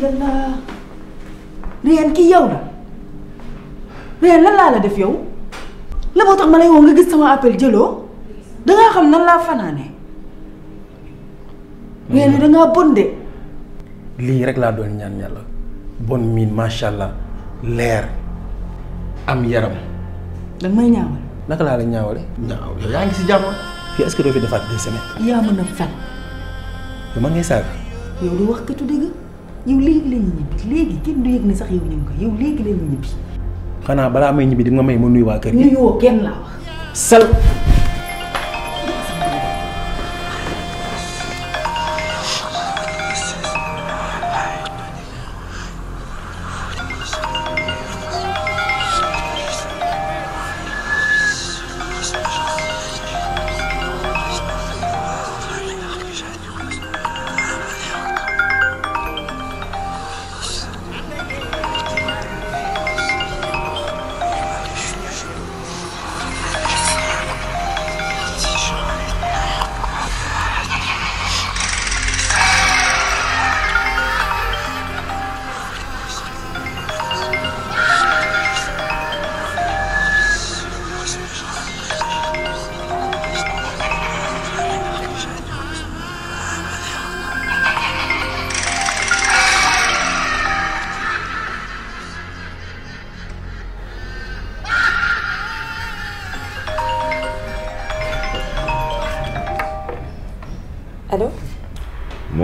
lan la Rayane kii yow la Rayane lan laa la def yow la moo tax ma lay woo nga gis sama appel jëloo dangaa xam nan laa fanaane Rayane dangaa bon de lii rek laa doon ñaan yàlla bon miin macha allah leer am yaram danga may ñaawal naka laa la ñaawale ñaaw yow yaa ngi si jàmm fii est-ce defaat deux semaines yaa mën a fen yow ngay saaga yow du wax katu dëgg yow léegi la ñu ñibbi léegi kenn du yëg ni sax yow ñu ngi yow léegi la ñibbi. xanaa balaa may ñibbi di nga may ma nuyu waa kër gi. nuyoo kenn laa wax. sal.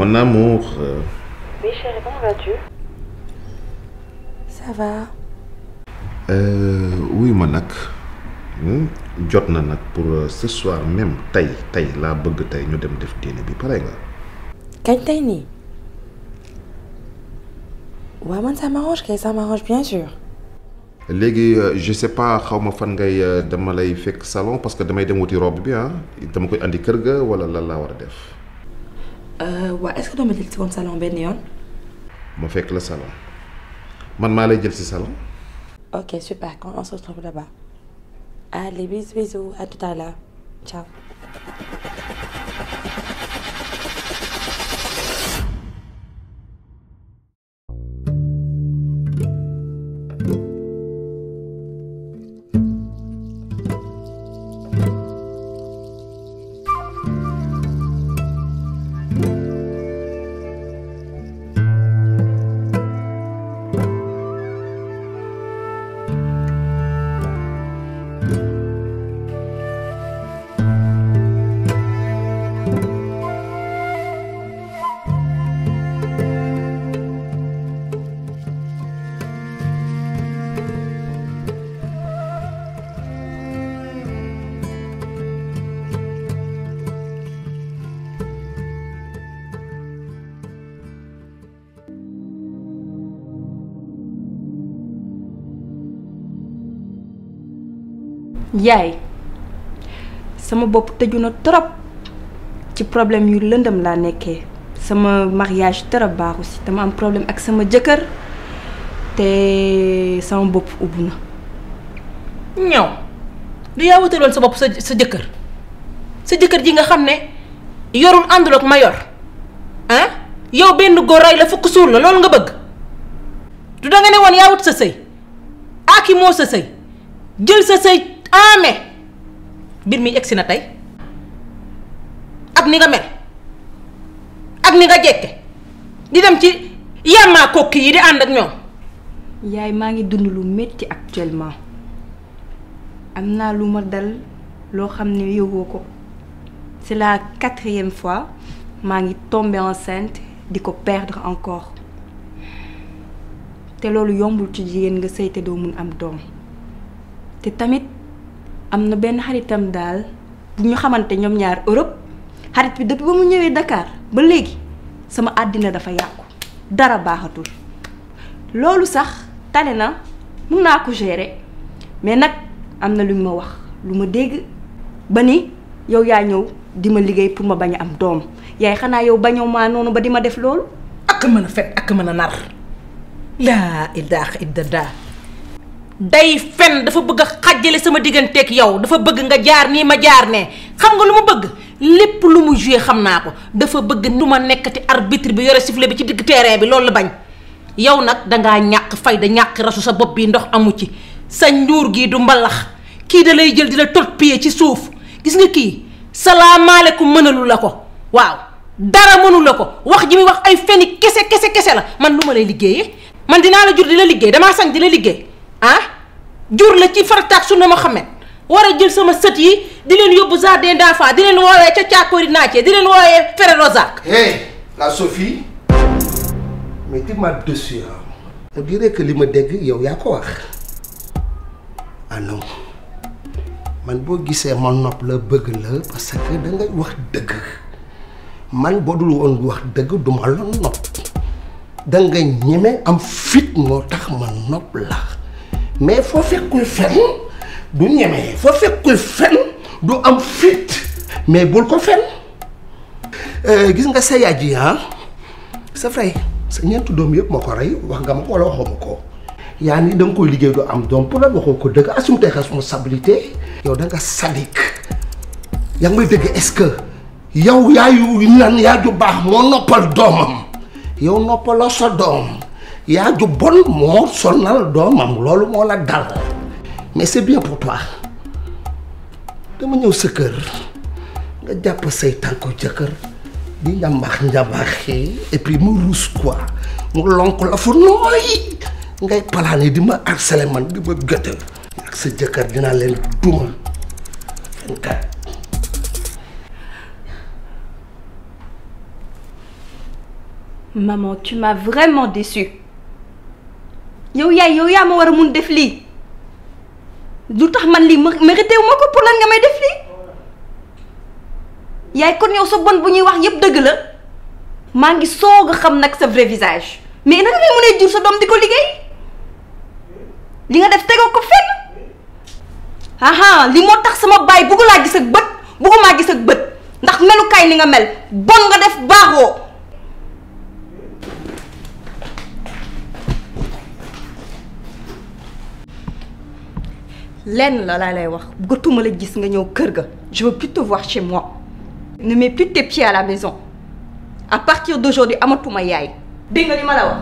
mon amour. Euh. Euh, oui, chérie, ma nag hmm? jot na nag pour euh, ce soir même tey tey laa bëgg tey ñu dem def déene bi pare nga. kañ tey nii. waaw man ça m'arrange kay ça m'arrange bien sûr. léegi je sais pas xaw ma fan ngay dama lay fekk salon parce que damay dem wuti robe bi ah dama koy indi kër ga wala lan laa war a def. waa est-ce que doo ma jël si woon salon benn yoon. ma fekk la salon man ma lay jël si salon. ok super kon on se retrouve là-bas. allez bisous bisous à tout à l'heure yaay sama bopp tëju na trop ci problème yu lëndam laa nekkee sama mariage trop baaxu si dama am problème ak sama jëkkër te sama bopp ubbu na. ñaw du yaa wutaloon sa bopp sa sa jëkkër sa jëkkër ji nga xam ne yorul àndul ak ma yor ah yow benn góor rey la fukk suur la loolu nga bëgg du danga ne woon yaa sa sëy aaki moo sa sëy jël sa sëy. en mbir mi egsi na tey ak ni nga mel ak ni nga jekke di dem ci yàmmaa kokki yi di ànd ak ñoom yaay maa ngi dund lu metti actuellement am na lu ma dal loo xam ne yowoo ko c'est la quatrième fois maa ngi tombé enceinte di ko perdre encore te loolu yombul ci jigéen nga sëy te doo mun am doom te tamit am na benn xaritam daal bu ñu xamante ñoom ñaar Europe xarit bi depuis ba mu ñëwee dakaar ba léegi sama àddina dafa yàqu dara baaxatul loolu sax tane na mun naa ko gérer mais nag am na lu ma wax lu ma dégg ba ni yow yaa ñëw di ma liggéey pour ma bañ am doom yaay xanaa yow bañoo maa noonu ba di ma def loolu. ak mën a fet ak mën a nar laa ilaaha illallaah day fen dafa bëgg a xàjjale sama digganteeg yow dafa bëgg nga jaar nii ma jaar ne xam nga lu ma bëgg lépp lu mu joué xam naa ko dafa bëgg nu ma nekkati arbitre bi yore sifflet bi ci digg terrain bi loolu la bañ yow nag dangaa ñàkk da ñàkk rasu sa bopp bi ndox amu ci sa njuur gii du mbalax kii da lay jël di la tot ci suuf gis nga kii salaamaaleykum mënalu la ko waaw dara mënu ko wax ji muy wax ay feni kese kese kese la man lu ma lay liggéeyee man dinaa la jur di la liggéey damaa sañ di la liggéey ah jur la ci farataak su na ma xamet war a jël sama sët yi di leen yóbbu jardin d'enfants di leen woowee ca caakoori naacee di leen woowee Frère Rozak. hey la Sophie mais tu m'as déçu on dirait li ma dégg yow yaa ko wax ah man boo gisee ma nopp la bëgg la parce que da wax dëgg man boo dul woon wax dëgg du ma nopp da ñeme am fit moo tax ma nopp la. mais foo fekk kuy fen du ñeme foo fekk fen du am fit mais bul ko fen euh, gis nga sa yaay ji ah, sa frère sa doom yëpp moo ko rey wax nga ma ko ma ko yaa ni da nga koy liggéey du am doom pour lan waxoo ko dëgg assume tes responsabilités yow da nga dëgg est-ce que yow yaayu nan yaaju baax moo noppal doomam yow noppaloo sa doom yaa ju bon moo sonal doomam loolu moo la dal mais c'est bien pour toi dama ñëw sa kër nga jàpp say tànku jëkkër di njambax njambaxee et puis mu ruus quoi mu lonk la fu nooy ngay palaane di ma harceler man di ma gëtë ak sa jëkkër dinaa leen duma Maman, tu m'as vraiment déçue. yow yaay yow yaa ma war a mun def lii lu tax man lii mérité wu ma ko pour lan nga may def lii yaay kon yow sa bon bu ñuy wax yëpp dëgg la maa ngi soog a xam nag sa vrai visage mais naka ngay mënee jur sa doom di ko liggéey li nga def tegoo ko fenn aha li moo tax sama baay bugg laa gis ak bët buggumaa gis ak bët ndax melukaay ni nga mel bon nga def baaxoo. lenn la laa lay wax bëggatuma la gis nga ñëw kër ga je veux plus te voir chez moi ne mets plus tes pieds à la maison à partir d'aujourd'hui amatuma yaay dégg nga li ma la wax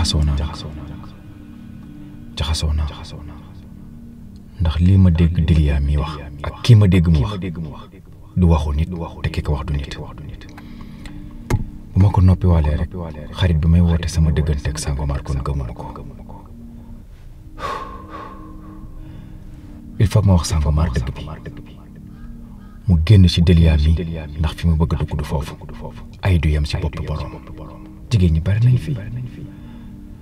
jaxasoo naa jaxasoo naa ndax lii ma dégg Diliya mi wax ak kii ma dégg mu wax du waxu nit te ki wax du nit bu ma ko noppi waalee rek xarit bi may woote sama dëggante ak Sangomar kon gëmuma ko il faut ma wax Sangomar dëgg bi mu génn ci Diliya mi ndax fi mu bëgg dugg du foofu ay du yem ci bopp boroom ñi bari nañ fii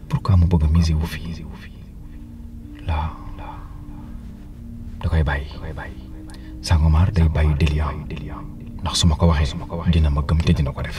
pourquoi mu bëgg a miser wu fii la da koy bàyyi Sangomar day bàyyi Delia ndax su ma ko waxee dina ma gëm te dina ko def.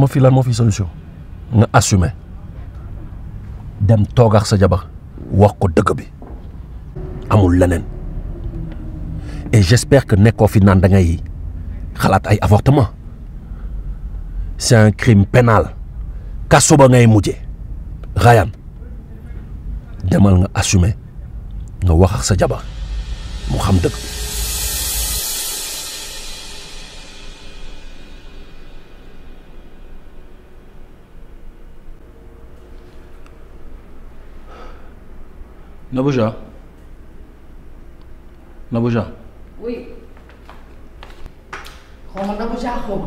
moo nga fii lan moo fi solution nga assumer dem toogax sa jabar wax ko dëgg bi amul leneen et j'espère que nekkoo fi naan da ngay xalaat ay avortement c'est un crime pénal kaso ba ngay mujje Ryan demal nga assumer nga wax ak sa jabar mu xam dëgg Nabou Jah Nabou Jah. oui xaw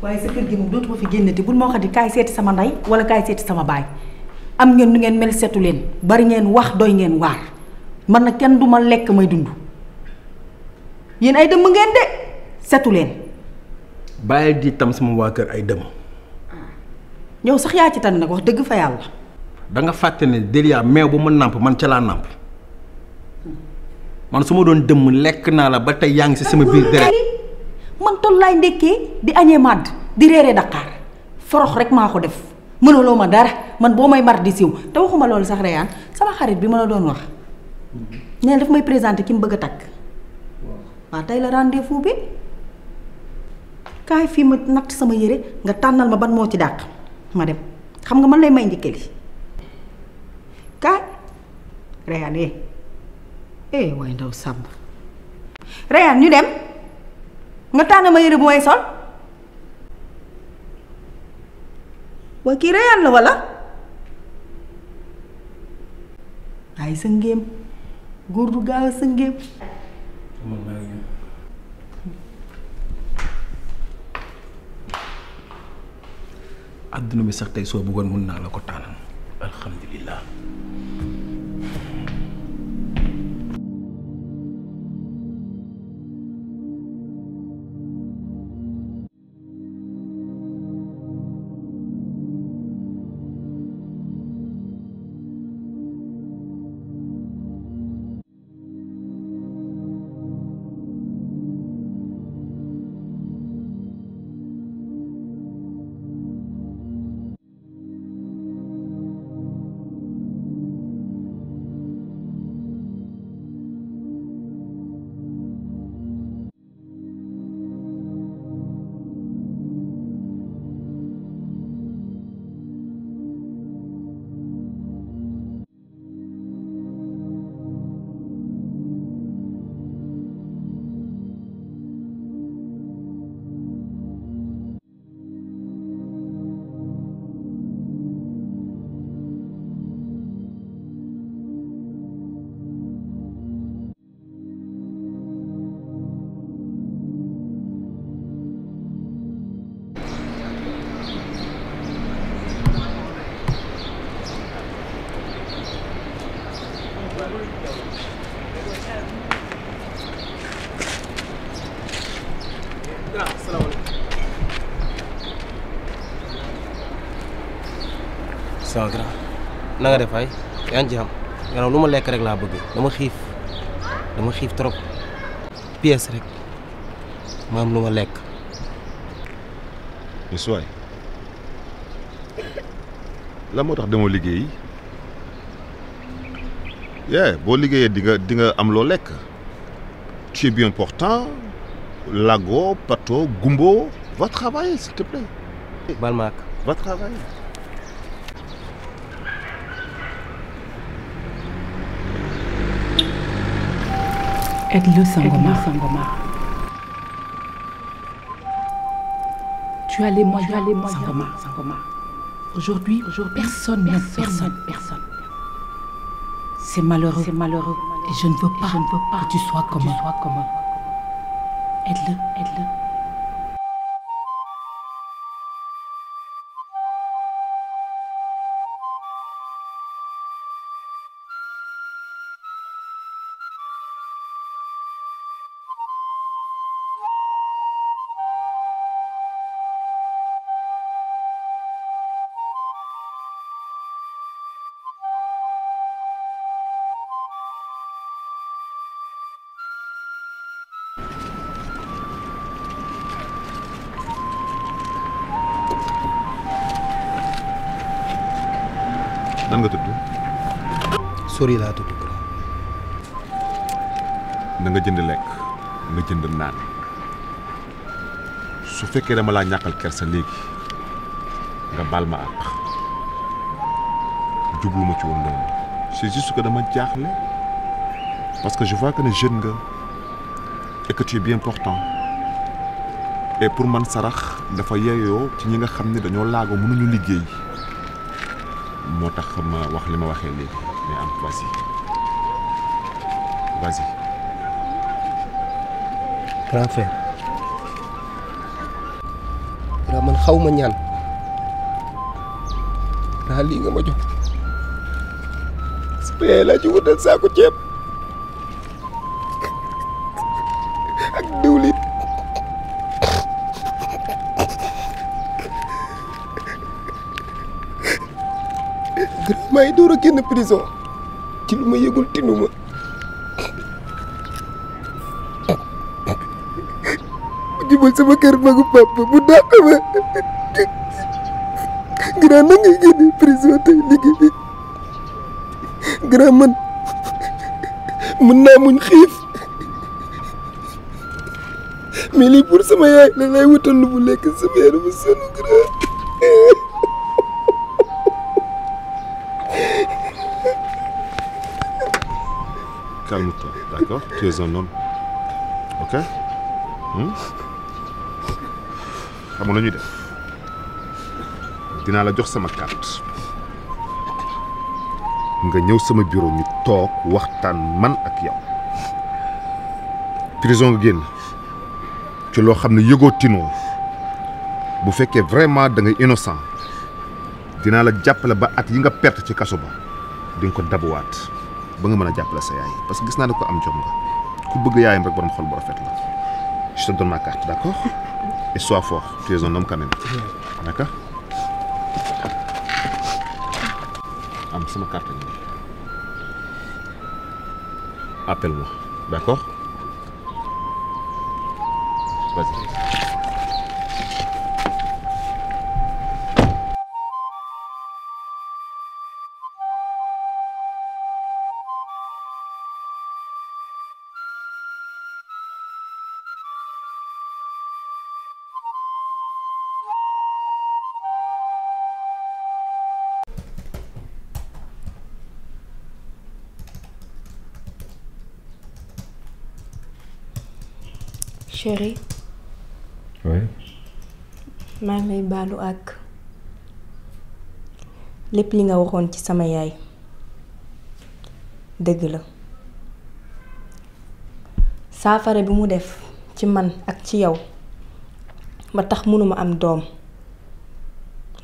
waaye sa kër gi moom dootuma fi génnati bul ma waxati kaay seeti sama ndey wala kaay seeti sama baay am ngeen nu ngeen mel seetu leen bari ngeen wax doy ngeen waar man na kenn du ma lekk may dund yéen ay dëmm ngeen de seetu leen. bàyyi di tam sama waa kër ay dëmm. Ah. yow sax yaa ci tànn nag wax dëgg fa yàlla. da nga fàtte ne Delia meew bu ma nàmp man ca laa nàmp man su ma doon dëmm lekk naa la ba tey yaa si sama biir deret man toll laay ndekkee di añee màdd di reeree Dakar forox rek maa ko def mënuloo ma dara man boo may mar di siw te waxuma loolu sax Rayane sama xarit bi ma la doon wax nee daf may présenté ki mu bëgg a takk waaw tey la rendez-vous bi kaay fii ma natt sama yére nga tànnal ma ban moo ci dàq ma dem xam nga man lay may njëkkee li kaay Rayane eh eh waaye ndaw sàmb Rayane ñu dem nga tànn ma bu may sol waaye kii Rayane la walla ay sa ngéem góor du gaaw sa ngéem àdduna bi sax tey soo bëggoon mun naa la ko tànnal alhamdulilah nanga nga def ay yaa ngi ci lu ma lekk rek laa bëgg dama xiif dama xiif trop pièce rek ma am lu ma lekk. mais suwaay moo tax demoo liggéey yee boo liggéeyee di nga di nga am loo lekk tu es bien portant lago pato gumbo va travailler s'il te baal ma ak va Aide-le, Sangomar. Sangomar. Tu as les moyens, as les moyens Sangomar. Aujourd'hui, personne, personne, personne, personne. C'est malheureux. Et je ne veux pas, je ne veux pas que tu sois comme eux. le aide-le. Mori jënd lekk nga jënd naan su fekkee dama laa ñàkkal kersa léegi nga baal ma àq jublu ci woon loolu c'est juste dama jaaxle parce que je vois ne jeune nga et que tu es pour man sarax dafa yeeyoo ci ñi nga xam ni dañoo laago mënuñu liggéey moo tax ma wax li ma waxee léegi. Mais vas-y. Vas-y. Grand man xaw ma ñaan. Grand lii nga ma jox. su yaay laa wutal saako ceeb. ak diwlin. Grand maa door a génn prison. ci lu ma yëgul tinu ma mu jubal sama kër magu papa mu dàq ma grand na génne prison tey liggéey grand man mën naa muñ xiif mais lii pour sama yaay la lay wutal lu mu lekk sama yaram mu sonn grand calme-toi, d'accord Tu es un homme. Ok xamul hmm? ah, la ñuy def dinaa la jox sama carte nga ñëw sama bureau ñu toog waxtaan man ak yow prison nga génn ci loo xam ne yëgoo tinoo bu fekkee vraiment da nga innocent dinaa la jàppale ba at yi nga perte ci kaso ba di ko dabuwaat ba nga mën a jàppale sa yaay parce que gis naa ne ko am jom nga ku bëgg yaayam rek borom xol bu rafet la je te donne ma carte d' accord et sois fort tu es un am sama carte appelle-moi d' accord chérie. oui. maa baalu àq lépp li nga waxoon ci sama yaay dëgg la saafara bi mu def ci man ak ci yow ba tax mënuma am doom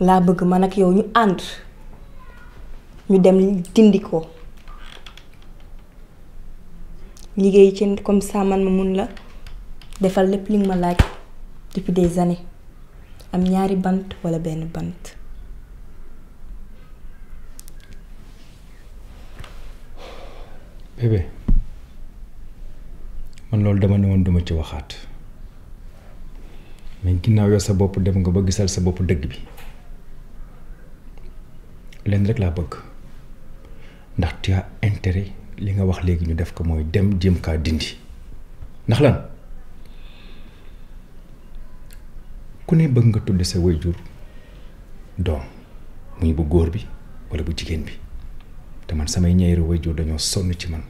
laa bëgg man ak yow ñu ànd ñu dem dindi ko liggéey ci comme ça man ma mun la. defal lépp li ma laaj depuis des années am ñaari bant walla benn bant bébé man loolu dama ne woon duma ci waxaat mais ginnaaw yow sa bopp dem nga ba gisal sa bopp dëgg bi leen rek laa bëgg ndax tu as li nga wax léegi ñu def ko mooy dem jéem kaa dindi ndax lan ku ne bëgg nga tudd sa way jur doom muy bu góor bi wala bu jigéen bi te man samay ñeeri way jur dañoo sonn ci man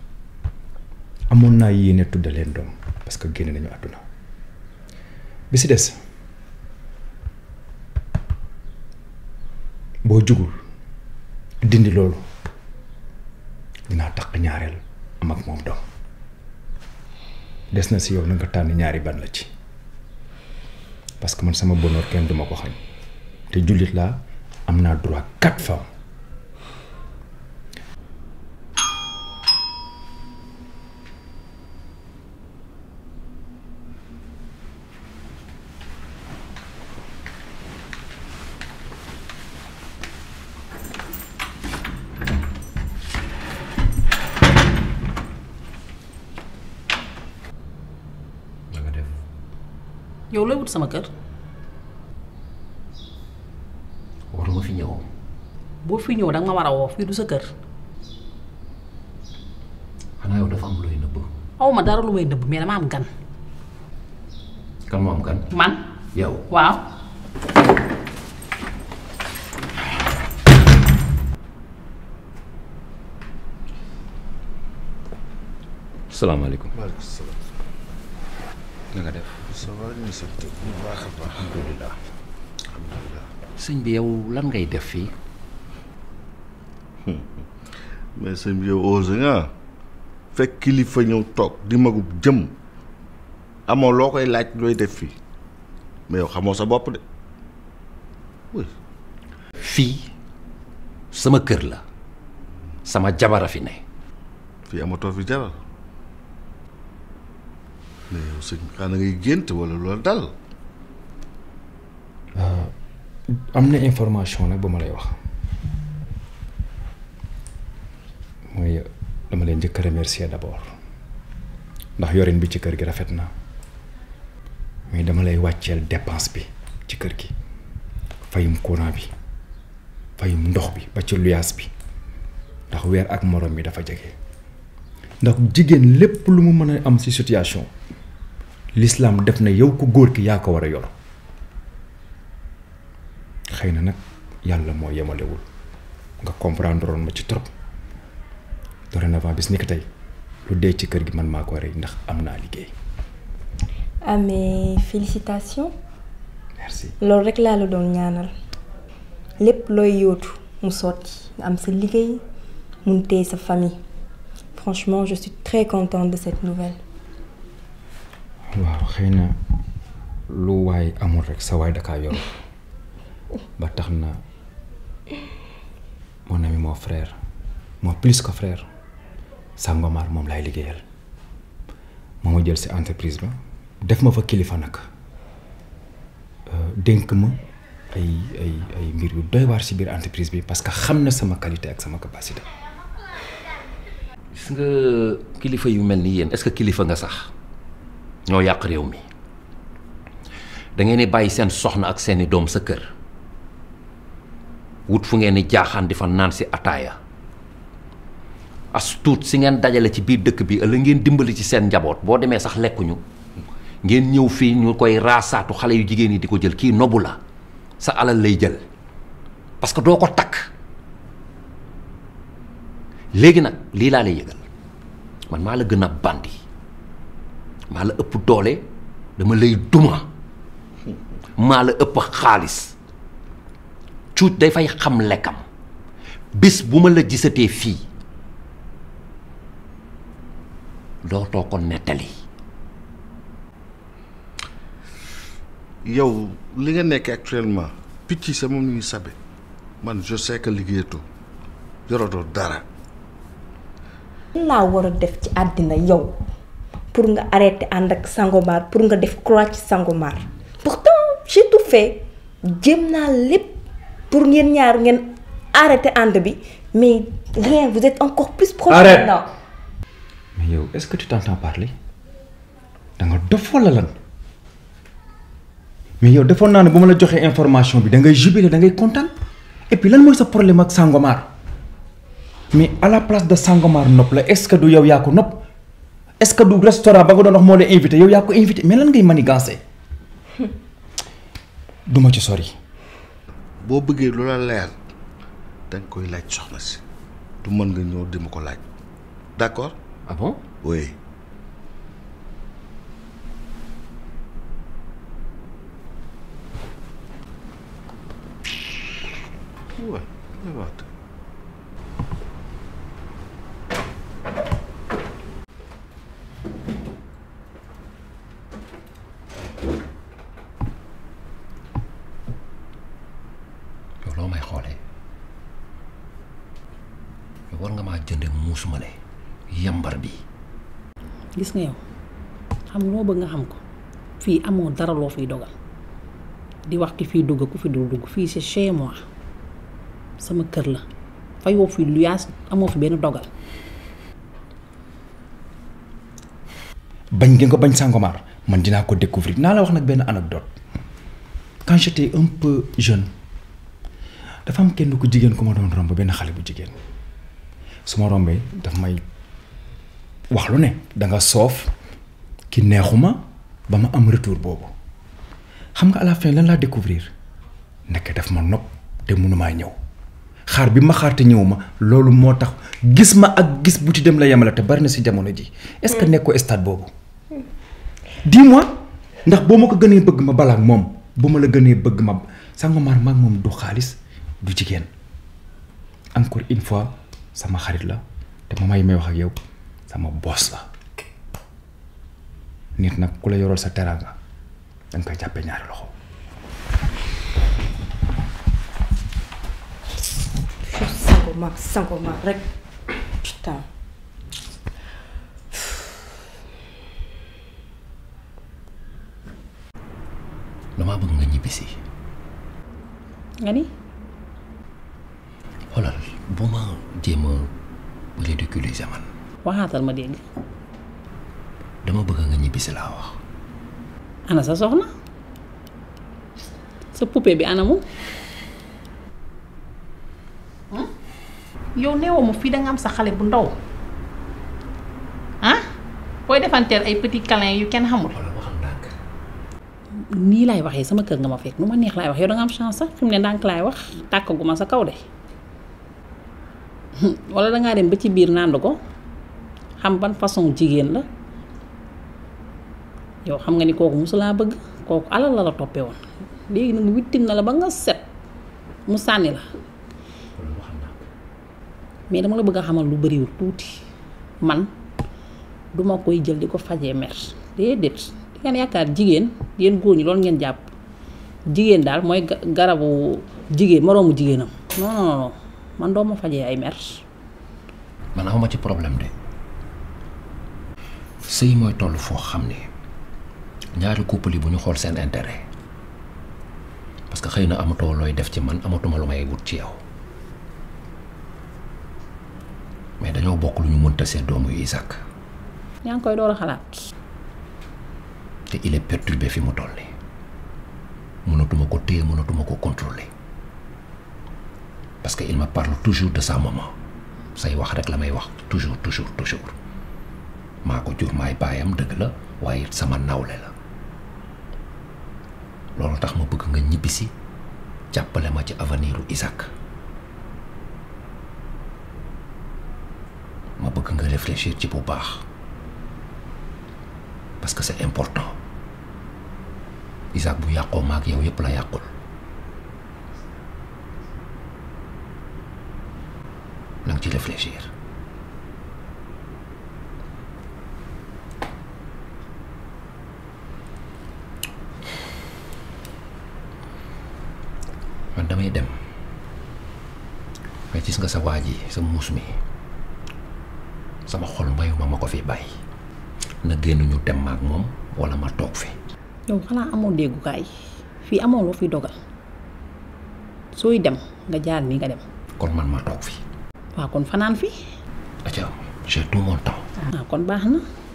amoon naa yéene tudda leen doom parce que génn nañu àdduna bi si des boo jugul dindi loolu dinaa takk ñaareel am ak moom doom des na si yow na nga tànn ñaari ban la ci parce que man sama bonheur kenn duma ko xam te jullit laa am naa droit quatre femmes sama kër. waruma fi ñëw. boo fi ñëw danga war a woo fii du sa kër. xanaa yow dafa am looy nëbb. aw ma dara lu may nëbb mais dama am gan. kan moo am gan. man yow waaw. def. ça va ñu def fii mais sëñ ñëw toog di jëm amoo loo koy laaj looy def fii mais yow xamoo sa bopp fii sama kër la sama jabara fi ne fii amatoo fi jabar mais yow sëñ bi xanaa ngay gént wala loolu dal. Ah, am na information nag ba ma lay wax mooy dama leen njëkk a remercier d'abord ndax yorin bi ci kër gi rafet na mais dama lay wàcceel dépense bi ci kër gi fayum courant bi fayum ndox bi ba ci luyaas bi ndax weer ak morom bi dafa jege ndax jigéen lépp lu mu mën a am ci situation. l'islam def na yow ku góor ki yaa ko war a yor xëy na nag yàlla moo yemalewul nga comprendre woon ma ci trop dorénavant bis ni ko tey lu dee ci kër gi man maa ko rey ndax am naa liggéey. ah mais loolu rek laa la doon ñaanal lépp looy yóotu mu sotti nga am sa liggéey mun téye sa famille franchement je très contente de cette nouvelle. waaw xëy na lu waay amul rek sa waay dakaa yor ba tax na mon ami mon frère mon plus que frère Sangomar moom laay liggéeyal moo ma jël si entreprise ba def ma fa kilifa nag euh, dénk ma ay ay ay mbir yu doy waar si biir entreprise bi parce que xam na sama qualité ak sama capacité. si nga kilifa yu mel ni yéen est-ce que kilifa nga sax. ñoo yàq réew mi dangeen ngeen bàyyi seen soxna ak seeni doom sa kër wut fu ngeen di jaaxaan di fa naan si ataaya as si ngeen dajale ci biir dëkk bi ëllëg ngeen dimbali ci seen njaboot boo demee sax lekkuñu ngeen ñëw fii ñu koy raasaatu xale yu jigéen yi di ko jël kii nobu la sa alal lay jël parce que doo ko takk léegi nag lii laa lay yëgal man maa la gën a bandi maa la ëpp doole dama lay duma maa la ëpp xaalis cuuc day fay xam lekkam bis bu ma la gisatee fii dootoo ko nettali yow li nga nekk actuellement picc sa moom ñuy sabe man je sais que liggéeyatoo yoratoo dara laa war a def ci àddina yow pour nga arrêter ànd ak Sangomar pour nga def croix ci Sangomar pourtant j'ai tout fait jéem naa lépp pour ngeen ñaar ngeen arrêter ànd bi mais rien vous êtes encore plus proche maintenant mais yow est defoon naa ne ma la joxee information bi da ngay jubilé da ngay kontaan et lan mooy sa problème ak Sangomar mais à la place de Sangomar nopp la est-ce que du yow yaa ko nopp est-ce que du restaurant ba nga doon wax moo lay invité yow yaa ko invité mais lan ngay manigancé hmm. du ma ci sori. boo bëggee lu la leer da koy laaj soxna si du mën nga ñëw di ko laaj d'accord. Ah ma may xoolee war nga ma jënde muusumale yambar bi gis nga yow xam loo bëgg nga xam ko fii amoo dara loo fiy dogal di wax ki fii dugg ku fi dul dugg fii si chez sama kër la fayoo fi luyaas amoo fi benn dogal bañ ngeen ko bañ Sangomar man dinaa ko découvrir naa la wax nag benn anecdote quand j'étais un peu dafa am kenn ku jigéen ku ma doon romb benn xale bu jigéen su ma rombee dafa may wax lu ne danga soof ki neexuma ba ma am retour boobu xam nga à la lan laa découvrir nekk daf ma nopp te mënumaa ñëw xaar bi ma xaar te ñëw ma loolu moo tax gis ma ak gis bu ci dem la yemale te bari na si jamono ji est-ce que hmm. nekkoo stade boobu hmm. dis ndax boo ma ko gënee bëgg ma balaa moom bu ma la gënee bëgg ma sàngomar mag moom du xaalis du jigéen encore une sama xarit la te mama yi may wax ak yow sama boos la nit nag ku la yoral sa teraanga da nga koy jàppee ñaari loxo. sango ma damaa bëgg nga ñibbisi. xoolal bu ma jéem a ridiculiser ma dégg. dama bëgg nga ñibbisi laa wax. ana sa soxna sa poupée bi anamu. Hmm? yow neewoo ma fii da nga am sa xale bu ndaw ah booy defanteel ay petit câlin yu kenn xamul. nii laay waxee sama kër nga ma fekk nu ma neex laay wax yow da nga am chance sax fi ne ndànk laay wax tàkk gu sa kaw de. wala dangaa dem ba ci biir nànd ko xam ban façon jigéen la yow xam nga ni kooku musulaa bëgg kooku alal la la toppee woon léegi nag wittin na la ba nga set mu sànni la mais dama la bëgg a xamal lu bariwul tuuti man duma koy jël di ko fajee mer déedéet di ngeen yaakaar jigéen yéen góor ñi loolu ngeen jàpp jigéen daal mooy garabu jigéen moroomu jigéenam non non man doo ma fajee ay mer. man awma ci problème de sëy mooy toll foo xam ne ñaari couple bu ñu xool seen intérêt parce que xëy na amatoo looy def ci man amatuma lu may wut ci yow mais dañoo bokk lu ñu mënta seet doomu yuy Isaac. yaa ngi koy doo a xalaat. te il est perturbé fi mu toll nii mënatuma ko téye mënatuma ko contrôler. parce que il me parle toujours de sa maman say wax rek la may wax toujours toujours toujours maa ko jur maay baayam dëgg la waaye sama nawle la loolu tax ma bëgg nga ñibbisi jàppale ma ci aveniru Isaac ma bëgg nga réfléchir ci bu baax parce que c'est important Isaac bu yàqoo maag yow yëpp la yàqul na nga ci réfléchir man damay dem mais gis nga sa waa ji sa muus mi sama xol mayuma ma ko fi bàyyi na génn ñu dem maak moom walla ma toog fi yow xanaa amoo déggukaay fii amoo loo fi dogal sooy dem nga jaar nii nga dem kon man ma toog fi waaw kon fanaan fi. acca j'ai tout mon temps. waaw ah, kon baax na.